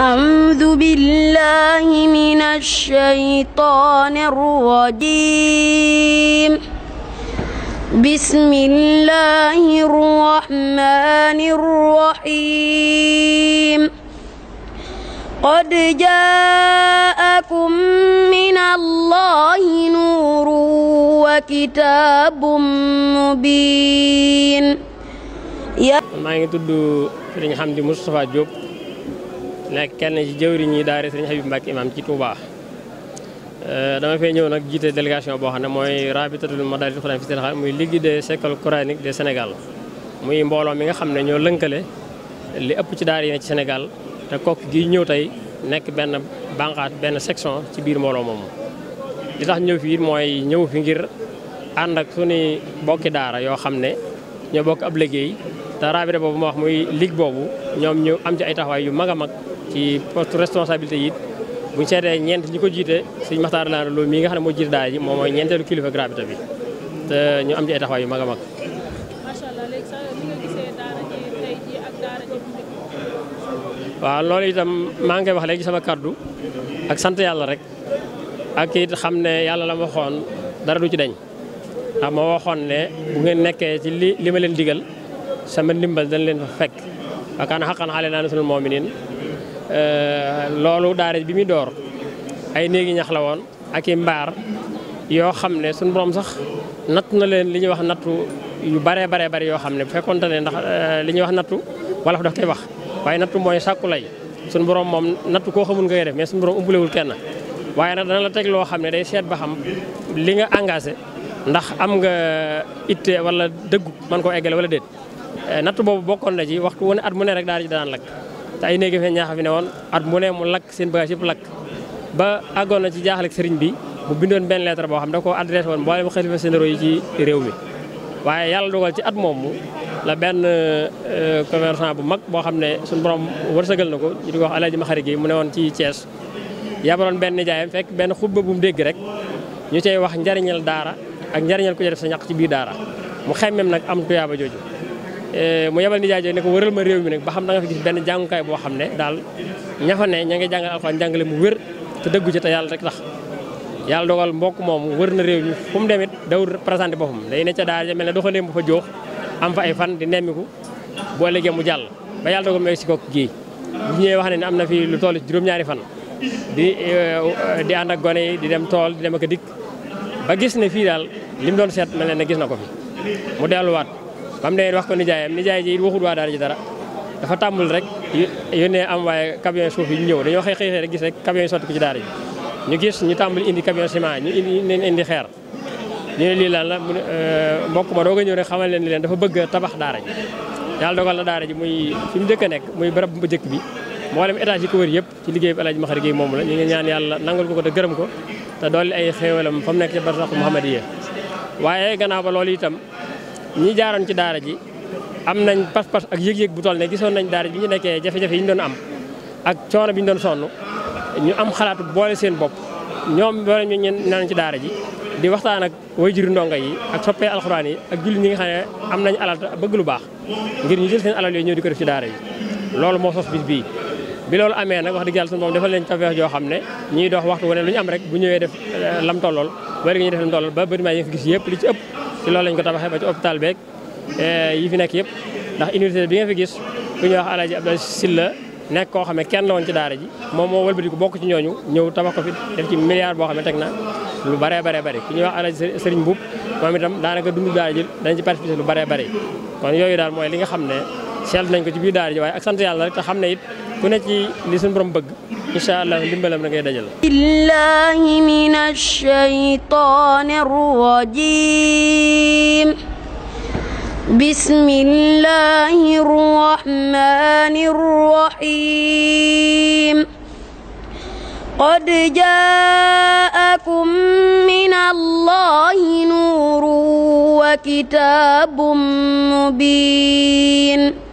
أعوذ بالله من الشيطان الرجيم بسم الله الرحمن الرحيم قد جاءكم من الله نور وكتاب مبين maa ngi tudd Serigne Hamdi Moustapha Diop nekk kenn ci jëwriñ yi daara Serigne Habib Mbacke imam ci Touba. Euh, dama fee ñëw nag jiite délégation boo xam ne mooy rabitatul madaarisul quraan fi muy ligue des écoles coraniques de muy mbooloo mi nga xam ne ñoo lënkale li ëpp ci daara yi ne ci Sénégal te kokk gi ñëw tey nekk benn banqaat benn section ci biir mbooloo moomu. li tax ñëw fii mooy ñëw fi ngir ànd ak suñu bokki daara yoo xam ne ñoo bokk ab liggéey te rabita boobu ma wax muy ligue boobu ñoom ñu am ci ay taxawaay yu mag a mag ci poste responsabilité bu buñ seetee ñeent ñi ko jiite sëñ Maxtaar laa loolu mii nga xam ne moo jiite daara ji moom mooy ñeenteelu kilifa gravité bi ñu am ci yu mag a loolu itam maa ngi koy wax léegi sama kàddu ak sant yàlla rek ak it xam ne yàlla la ma waxoon dara du ci deñ ndax ma waxoon ne bu ngeen nekkee ci li li ma leen digal sama ndimbal dañ leen fa fekk wa kaana haqqan alaynaa nasrul mu'miniin Euh, loolu daara bi muy door ay néegi ñax la woon ak i mbaar yoo xam ne suñu borom sax natt na leen li ñuy wax nattu yu baree baree bari yoo xam ne bu fekkonte ne ndax euh, li ñuy wax nattu wala daf koy wax waaye nattu mooy sàkku lay suñu borom moom nattu koo xamul nga koy def mais suñu borom umpalewul kenn waaye nag dana la teg loo xam ne day seet ba xam li nga engagé ndax am nga itte wala dëggu man koo eggale wala déet euh, nattu boobu bokkoon na ci waxtu wu ne at mu ne rek daal di daan lakk te ay néegi fee ñaax fi ne woon at mu ne mu lakk seen bagage yëpp lakk ba àggoon na ci jaaxal ak sëriñ bi mu bindoon benn lettre boo xam da ko adressé woon mboolem xalifa généraux yi ci réew mi waaye yàlla dogal ci at moomu la benn euh, commerçant bu mag boo xam ne suñu borom wërsëgal na ko ñu di ko wax Alaaji Maxari gi mu ne woon ci Thiès yabaloon benn nijaayam fekk benn xub bu mu dégg rek ñu cey wax njariñal daara ak njariñal ku ci def sa ñaq ci biir daara mu xemmem nag am tuyaaba jooju Eh, mu yebal nijaay jooju ne ko wëral ma réew mi nag ba xam da nga fi gis benn jàngukaay boo xam ne daal ña fa ne ña ngi jàngal alxuraan jàngale mu wér te dëggu ci te yàlla rek tax yàlla dogal mbokk moom wër na réew mi fu mu demit dawul présenté boppam day ne ca daal ja mel ne doxalee bu fa joox am fa ay fan di nemmiku boo léegi mu jàll ba yàlla dogal meeg si kook gii bu wax ne ne am na fi lu toll juróom-ñaari fan di eh, di ànd ak gone yi di dem tool di dem ak a dikk ba gis ne fii daal li mu doon seet mel ne gis na ko fi mu delluwaat ba mu demee wax ko nijaayam nijaay ji waxut waa daara ji dara dafa tàmbul rek yónnee am waaye camion suuf yi ñu ñëw dañoo xëy xëy xëy rek gis rek camion yi sotti ko ci daara ji ñu gis ñu tàmbali indi camion ciment ñu indi lii lan la mu euh, mbokk ma doog a ñëw rek xamal leen ni leen dafa bëgg tabax daara ji yàlla dogal la daara muy fi mu dëkk nekk muy barab bu njëkk bi mboolem étage yi ko wër yëpp ci liggéey bi El Hadj Makhari Gueye moom la ñu ngi ñaan yàlla nangul ko ko te gërëm ko te dolli ay xéewalam fa mu nekk ci barsax Muhammadiya waaye gannaaw ba loolu ñi jaaroon ci daara ji am nañ pas-pas ak yëg-yëg bu toll ne gisoon nañ daara bi ñu nekkee jafe-jafe yi ñu doon am ak coono bi ñu doon sonn ñu am xalaatu boole seen bopp ñoom boole ñu naan ci daara ji di waxtaan ak wayjuri ndongo yi ak soppee alxuraan yi ak jullit ñi nga xam ne am nañ alalt bëgg lu baax ngir ñu jël seen alal yooyu ñëw di ko ci daara yi loolu moo sos bis bii bi loolu amee nag wax di yàlla suñu moom defal leen tawfeex joo xam ne ñuy dox waxtu wane lu ñu am rek bu ñëwee def eh, lam tollool ba léegi ñuy def fi gis yëpp li ci ëpp ci loolu lañ ko tabaxee ba ci hôpital beeg e, yi fi nekk yëpp ndax université bi nga fi gis ku ñuy wax Alaaji Abdou Silla nekk koo xam ne kenn la woon ci daara ji moom moo wëlbatiku bokk ci ñooñu ñëw tabax ko fi def ci milliard boo xam ne teg na lu baree baree bari ku ñuy wax Alaaji Sëriñ Mbuub moom itam daanaka dundu daara ji dañ ci participer lu baree bari kon yooyu daal mooy li nga xam ne seetlu nañ ko ci biir daara ji waaye ak sant yàlla rek te xam ne it ku ne ci li suñu borom bëgg incha allah ndimbalam la ngay dajal. billahi minash shaytanir rajim bismillahir rahmanir rahim qad jaakum min allahi nurun wa kitabun mubin